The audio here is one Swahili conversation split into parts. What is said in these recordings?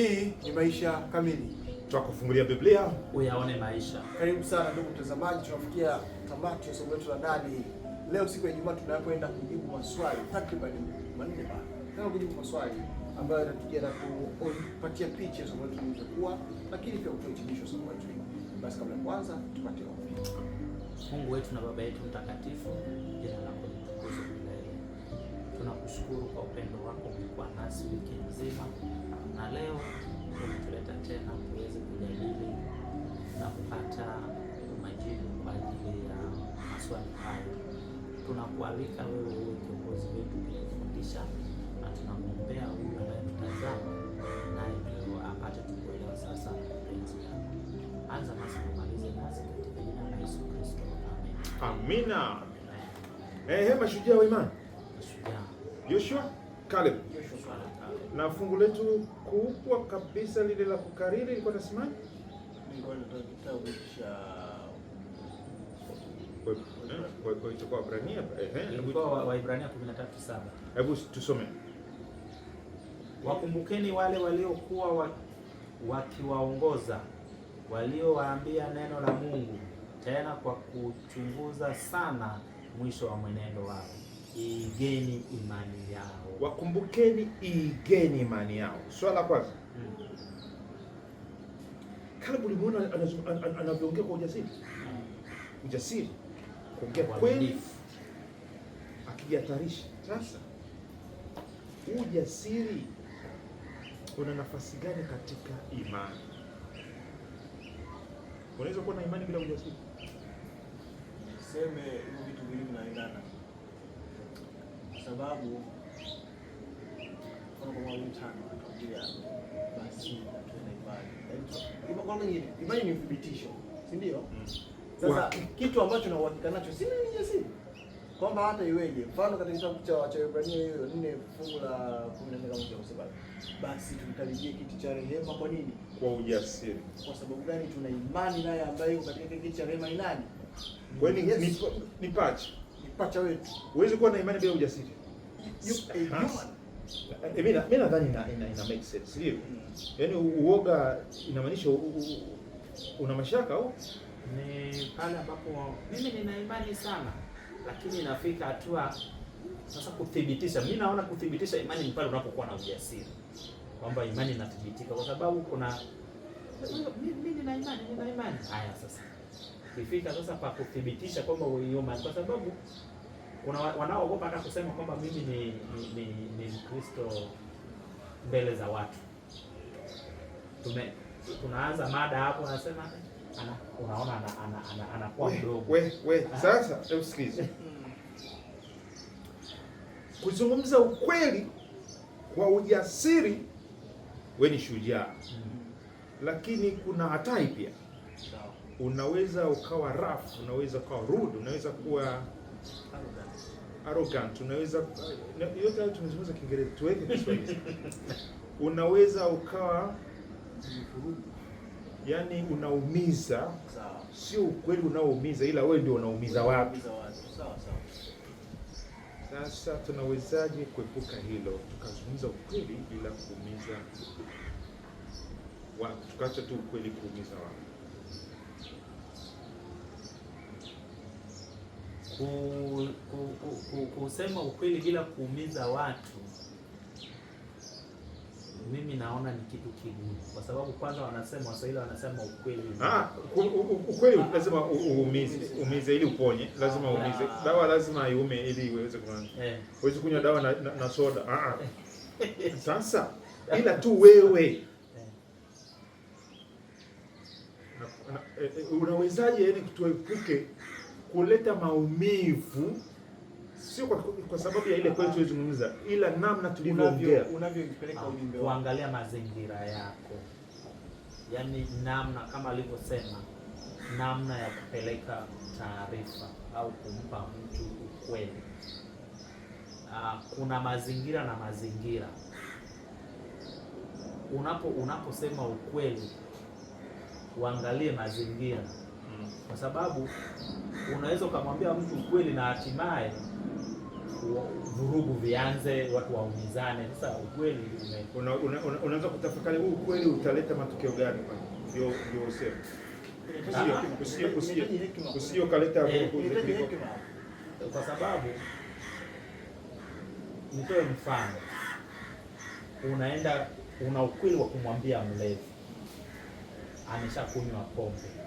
Hii ni Maisha Kamili, twakufungulia Biblia uyaone maisha. Karibu sana ndugu mtazamaji, tunafikia tamati ya somo letu la ndani leo, siku ya Ijumaa, tunapoenda kujibu maswali takriban manne bana, kujibu maswali ambayo yatatukia na kupatia picha somo letu lilivyokuwa, lakini pia kutoa somo letu. Basi kabla ya kwanza, tupate ombi. Mungu wetu na Baba yetu mtakatifu, jina lako litukuzwe Tunakushukuru kwa upendo wako nasi wiki nzima, na leo umetuleta tena kuweza kujadili na kupata majibu kwa ajili ya maswali hayo. Tunakualika wewe huyo kiongozi wetu kufundisha na tunamwombea huyu anayetutazama naye ndio apate kukuelewa. Sasa mpenzi yako, anza nasi kumalize nasi katika jina la Yesu Kristo, amen. Amina. Eh, hey, mashujaa wa imani, mashujaa Joshua Caleb. Na fungu letu kubwa kabisa lile la kukariri ilikuwa nasema kitabu cha Waibrania 13:7. Hebu tusome. Wakumbukeni wale waliokuwa wakiwaongoza waliowaambia neno la Mungu tena kwa kuchunguza sana mwisho wa mwenendo wao iigeni imani yao, wakumbukeni, iigeni imani yao. Swala la kwanza mm. Kalebu limuona anavyoongea kwa ujasiri mm. Ujasiri kuongea kweli, akijihatarisha. Sasa ujasiri una nafasi gani katika imani? Unaweza kuwa na imani bila ujasiri, seme vitu vinaendana kwa sababu imani yaani, ni uthibitisho, si ndio? Mm. Sasa kitu ambacho na uhakika nacho sina ni jasiri kwamba hata iweje. Mfano katika kitabu cha Waebrania hiyo nne fungu la kumi na nne kama unavyosema, basi tukikaribia kiti cha rehema. Kwa nini? Kwa ujasiri. Kwa sababu gani? Tuna imani naye ambaye yuko katika kiti cha rehema. Inani ni pacha pacha wetu. Huwezi kuwa na imani bila ujasiri. Eh, eh, mimi nadhani ina, ina, ina make sense ndio. Mm. Yaani uoga inamaanisha una mashaka au ni pale ambapo mimi nina imani sana, lakini inafika hatua sasa kuthibitisha. Mimi naona kuthibitisha imani ni pale unapokuwa na ujasiri kwamba imani inathibitika, kwa sababu kuna mimi nina imani, nina imani haya sasa Kifika sasa pa kuthibitisha kwamba huiumani, kwa sababu kuna wanaoogopa hata kusema kwamba mimi ni ni, ni Mkristo mbele za watu. Tume tunaanza mada hapo, anasema ana, unaona ana, ana, ana, ana, ana mdogo we, we, ah. sasa usikize hmm. kuzungumza ukweli kwa ujasiri, we ni shujaa mm -hmm. Lakini kuna hatari pia unaweza ukawa rough, unaweza ukawa rude, unaweza kuwa arrogant, unaweza yote hayo tunazungumza Kiingereza, tuweke Kiswahili. Unaweza ukawa yani unaumiza, sio ukweli unaoumiza, ila wewe ndio unaumiza watu. Sasa tunawezaje kuepuka hilo, tukazungumza ukweli bila kuumiza watu, tukaacha tu ukweli kuumiza watu? kusema ukweli bila kuumiza watu, mimi naona ni kitu kigumu, kwa sababu kwanza wanasema Waswahili wanasema ukweli. Ah, ukweli lazima uumize, umize ili uponye, lazima uumize. Ah. Dawa lazima iume ili iweze kuanza. Eh. Huwezi kunywa dawa na, na, na soda. Ah, ah. sasa ila tu wewe eh. Eh, unawezaje yani tuepuke kuleta maumivu sio kwa, kwa sababu ya ile kweli tulizungumza, ila namna tulivyoongea, unavyopeleka ah, ujumbe wako, kuangalia mazingira yako, yani namna kama alivyosema, namna ya kupeleka taarifa au kumpa mtu ukweli. Uh, kuna mazingira na mazingira. Unapo unaposema ukweli, uangalie mazingira kwa sababu unaweza ukamwambia mtu ukweli na hatimaye vurugu vianze, watu waumizane. Sasa ukweli una, una, una, unaweza kutafakari huu ukweli utaleta matokeo gani? Ndio useme usio kaleta eh, vurugu, kwa sababu nitoe mfano, unaenda una ukweli wa kumwambia mlevi ameshakunywa pombe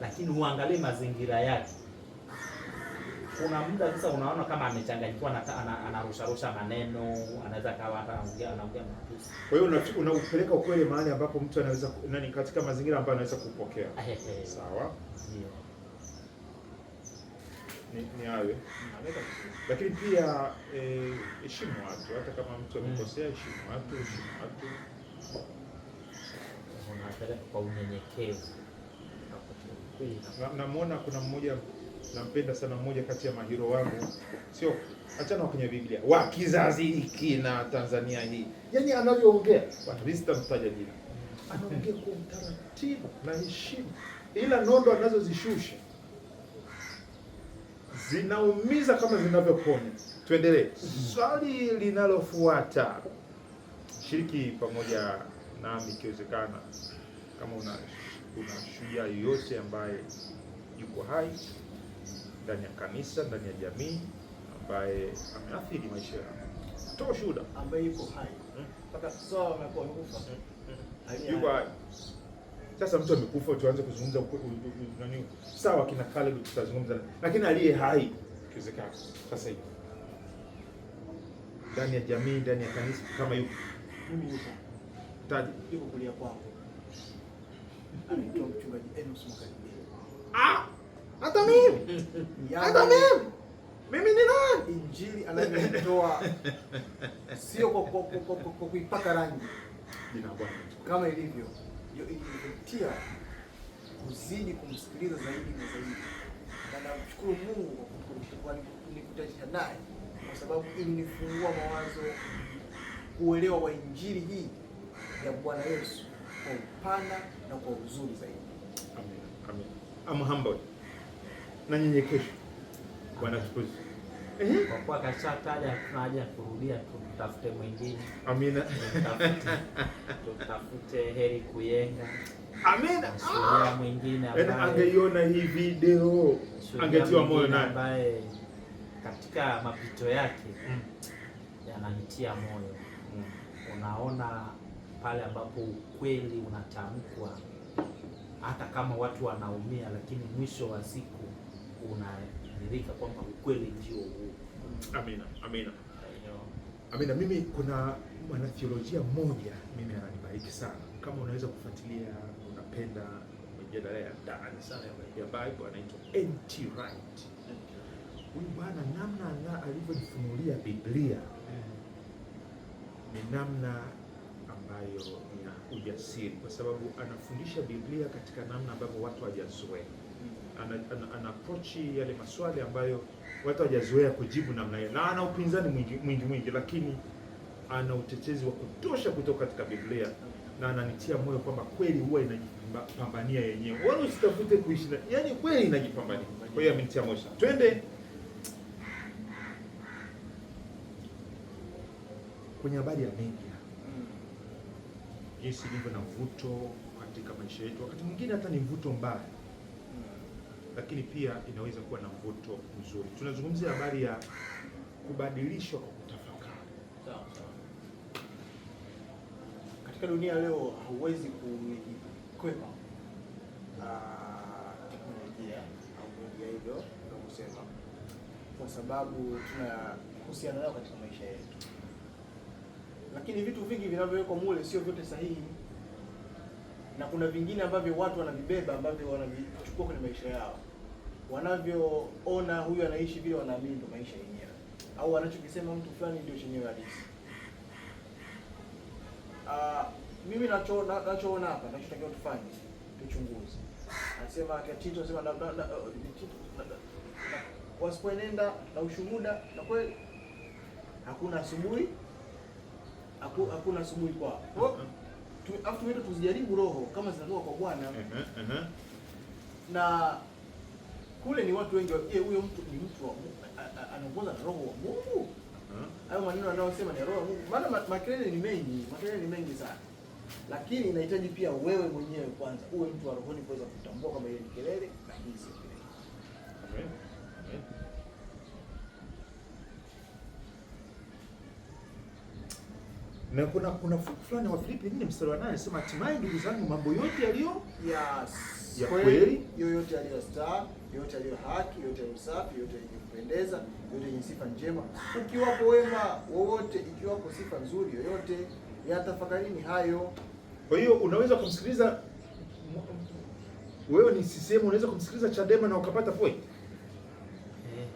lakini uangalie mazingira yake. Kuna muda sasa unaona kama amechanganyikiwa, anarusharusha maneno, anaweza kawa hata anaongea anaongea matusi. Kwa hiyo unaupeleka ukweli mahali ambapo mtu anaweza nani, katika mazingira ambayo anaweza kupokea. Sawa, ndio ni, ni awe lakini pia eh, heshimu eh, watu hata kama mtu mm. amekosea, heshimu watu, heshimu watu, kwa unyenyekevu namwona kuna mmoja nampenda sana, mmoja kati ya mahiro wangu, sio achana kwenye Biblia, wa kizazi hiki na Tanzania hii, yani anavyoongea mtaja jina, anaongea kwa utaratibu na heshima, ila nondo anazozishusha zinaumiza kama zinavyoponya. Tuendelee swali linalofuata, shiriki pamoja nami ikiwezekana, kama una kuna shujaa yoyote ambaye yuko hai ndani ya kanisa, ndani ya jamii, ambaye ameathiri maisha yao, toa shuhuda ambaye yuko hai mpaka hmm? sawa amekuwa amekufa, hmm? yuko hai. Sasa mtu amekufa, tuanze kuzungumza nani? Sawa, kina kale tutazungumza, lakini aliye hai kiwezekana sasa hivi ndani ya jamii, ndani ya kanisa, kama yuko mimi, yuko taji, yuko kulia kwangu anaitwa mchungaji Enos Makaribia. Ah, hata mimi yaani hata mimi mimi ni nani? Injili anayoitoa sio kwa kuipaka rangi kama ilivyo hiyo, ilinivutia kuzidi kumsikiliza zaidi na zaidi, na namshukuru Mungu kwa kunikutanisha naye, kwa sababu ilinifungua mawazo, kuelewa wa injili hii ya Bwana Yesu kwa upana na kwa uzuri zaidi. Amen. Amen. I'm humble. Na nyenyekesha. Bwana asifiwe. kwa kuwa kashataja hatuna haja ya kurudia, tumtafute mwingine. Amina. Tumtafute Heri Kuyenga. Amina. Shuhudia mwingine ambaye angeiona hii video angetiwa moyo naye, ambaye katika mapito yake mm. yananitia moyo, mm. unaona pale ambapo ukweli unatamkwa, hata kama watu wanaumia, lakini mwisho wa siku unaridhika kwamba ukweli ndio huu. Amina, amina, amina. Mimi kuna mwanatheolojia mmoja mimi ananibariki sana, kama unaweza kufuatilia, unapenda mjadala ya ndani sana ya Bible, anaitwa NT Wright. Huyu bwana namna alivyojifunulia Biblia mm. ni namna ambayo ina ujasiri, kwa sababu anafundisha Biblia katika namna ambavyo watu hawajazoea. Ana, ana, ana approach yale maswali ambayo watu hawajazoea kujibu namna hiyo, na ana upinzani mwingi mwingi mwingi, lakini ana utetezi wa kutosha kutoka katika Biblia, na ananitia moyo kwamba kweli huwa inajipambania yenyewe, wala usitafute kuishi na, yani kweli inajipambania. Kwa hiyo amenitia moyo sana, twende kwenye habari ya mengi jinsi ilivyo na mvuto katika maisha yetu, wakati mwingine hata ni mvuto mbaya, lakini pia inaweza kuwa na mvuto mzuri. Tunazungumzia habari ya kubadilishwa kwa kutafakari. Sawa sawa. Katika dunia leo hauwezi kuikwepa ah, teknolojia au media hivyo, kwa sababu tunahusiana nayo katika maisha yetu lakini vitu vingi vinavyowekwa mule sio vyote sahihi, na kuna vingine ambavyo watu wanavibeba ambavyo wanavichukua kwenye maisha yao, wanavyoona huyu anaishi vile, wanaamini ndo maisha yenyewe, au wanachokisema mtu fulani ndio chenyewe halisi. Uh, mimi nachoona nachoona hapa, nachotakiwa tufanye tuchunguze. Anasema Tito, anasema na, na, na, na, wasipoenenda na ushuhuda, na kweli hakuna asubuhi hakuna asubuhi kwao. Alafu tumeenda tuzijaribu roho kama zinatoka kwa Bwana na kule ni watu wengi wajie, huyo mtu ni mtu anaongoza na roho wa Mungu. Hayo maneno anayosema ni roho wa Mungu, maana makelele ni mengi, makelele ni mengi sana, lakini inahitaji pia wewe mwenyewe kwanza uwe mtu wa rohoni kuweza kutambua kama ile ni kelele na hii sio kelele. na kuna kuna fuku fulani wa Filipi 4 mstari wa 8 sema, hatimaye ndugu zangu, mambo yote yaliyo yes, ya kweli, yoyote yaliyo staa, yoyote yaliyo haki, yoyote yaliyo safi, yoyote yenye kupendeza, yoyote yenye sifa njema, ukiwapo wema wowote, ikiwapo sifa nzuri yoyote, yatafakarini hayo. Kwa hiyo unaweza kumsikiliza wewe, ni sisemu, unaweza kumsikiliza Chadema na ukapata point eh.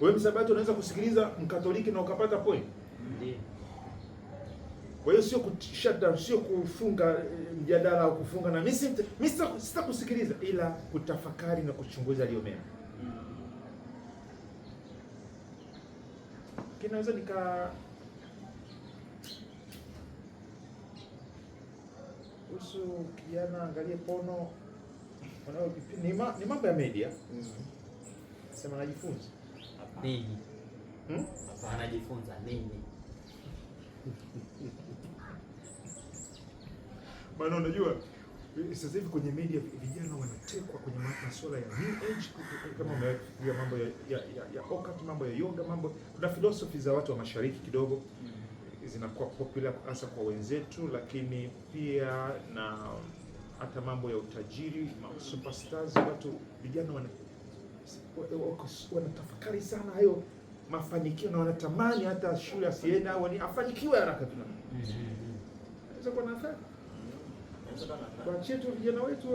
wewe msabato unaweza kusikiliza Mkatoliki na ukapata point. Ndiyo. Kwa hiyo sio kushutdown, sio kufunga eh, mjadala au kufunga, na mimi mimi sitakusikiliza, ila kutafakari na kuchunguza aliyo mema. Kinaweza nika kuhusu kijana angalie pono wanao ni, ma, ni mambo ya media mm. Sema anajifunza nini? Hmm? Hapana, najifunza nini? maana unajua eh, sasa hivi kwenye media vijana wanatekwa kwenye masuala ya new age, kama ya mambo ya, ya, ya occult, mambo ya yoga, mambo kuna philosophy za watu wa mashariki kidogo mm. zinakuwa popular hasa kwa wenzetu, lakini pia na hata mambo ya utajiri, superstars, watu vijana wana wanatafakari sana hayo mafanikio na wanatamani hata shule asienda afanikiwe haraka tu, naweza kuwa na athari wachie tu vijana wetu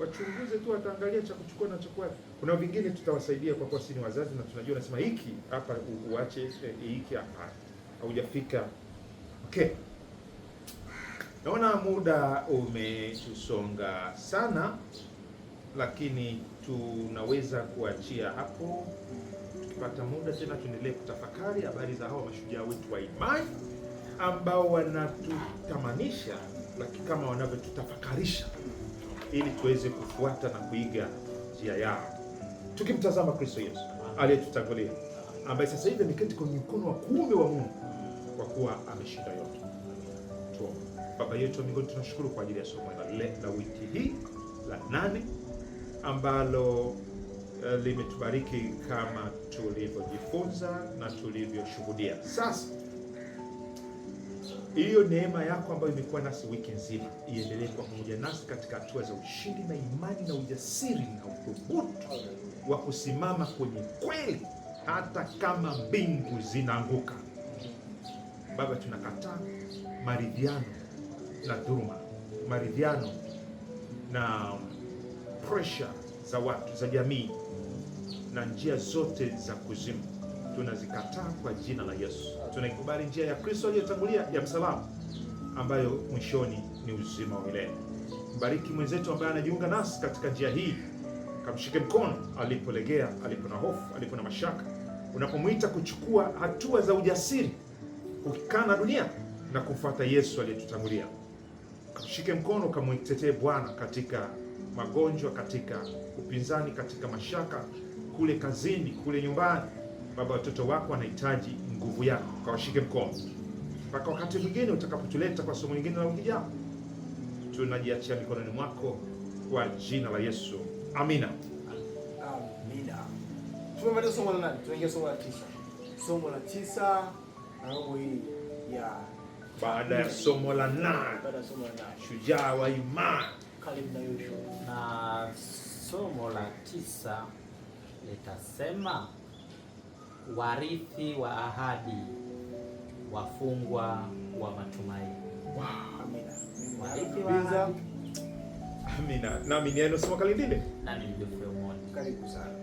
wachunguze tu, wataangalia cha kuchukua na chakua. Kuna vingine tutawasaidia kwa kuwa si ni wazazi na tunajua, nasema hiki hapa uache, eh, hiki hapa haujafika. Okay, naona muda umetusonga sana, lakini tunaweza kuachia hapo. Tukipata muda tena, tuendelee kutafakari habari za hawa mashujaa wetu wa imani ambao wanatutamanisha lakini kama wanavyotutafakarisha ili tuweze kufuata na kuiga njia yao, tukimtazama Kristo Yesu aliyetutangulia, ambaye sasa hivi ameketi kwenye mkono wa kuume wa Mungu kwa kuwa ameshinda yote. Baba yetu wa mbinguni, tunashukuru kwa ajili ya somo la wiki hii la nane ambalo eh, limetubariki kama tulivyojifunza na tulivyoshuhudia sasa hiyo neema yako ambayo imekuwa nasi wiki nzima iendelee kwa pamoja nasi katika hatua za ushindi na imani na ujasiri na uthubutu wa kusimama kwenye kweli, hata kama mbingu zinaanguka. Baba, tunakataa maridhiano na dhuruma maridhiano na presha za watu, za jamii na njia zote za kuzimu, tunazikataa kwa jina la Yesu tunaikubali njia ya Kristo aliyotangulia ya msalaba ambayo mwishoni ni uzima wa milele. Mbariki mwenzetu ambaye anajiunga nasi katika njia hii, kamshike mkono alipolegea, alipo na hofu, alipo na mashaka, unapomwita kuchukua hatua za ujasiri kukikana dunia na kumfuata Yesu aliyetutangulia. Kamshike mkono, kamwitetee Bwana katika magonjwa, katika upinzani, katika mashaka, kule kazini, kule nyumbani. Baba, watoto wako wanahitaji nguvu yako, kawashike mkono mpaka wakati mwingine utakapotuleta kwa somo lingine la wiki ijayo. Tunajiachia mikononi mwako kwa jina la Yesu, amina. Amina. Tumemaliza somo la Tunaingia somo la tisa. Somo la tisa na hii ya baada ya somo la nane, shujaa wa imani na Yoshua, na somo la tisa litasema warithi wa ahadi, wafungwa wa matumaini. Wow, amina. Warithi wa ahadi. Amina. mimi ni Enos Na mimi ni Geoffrey Omondi. Karibu sana.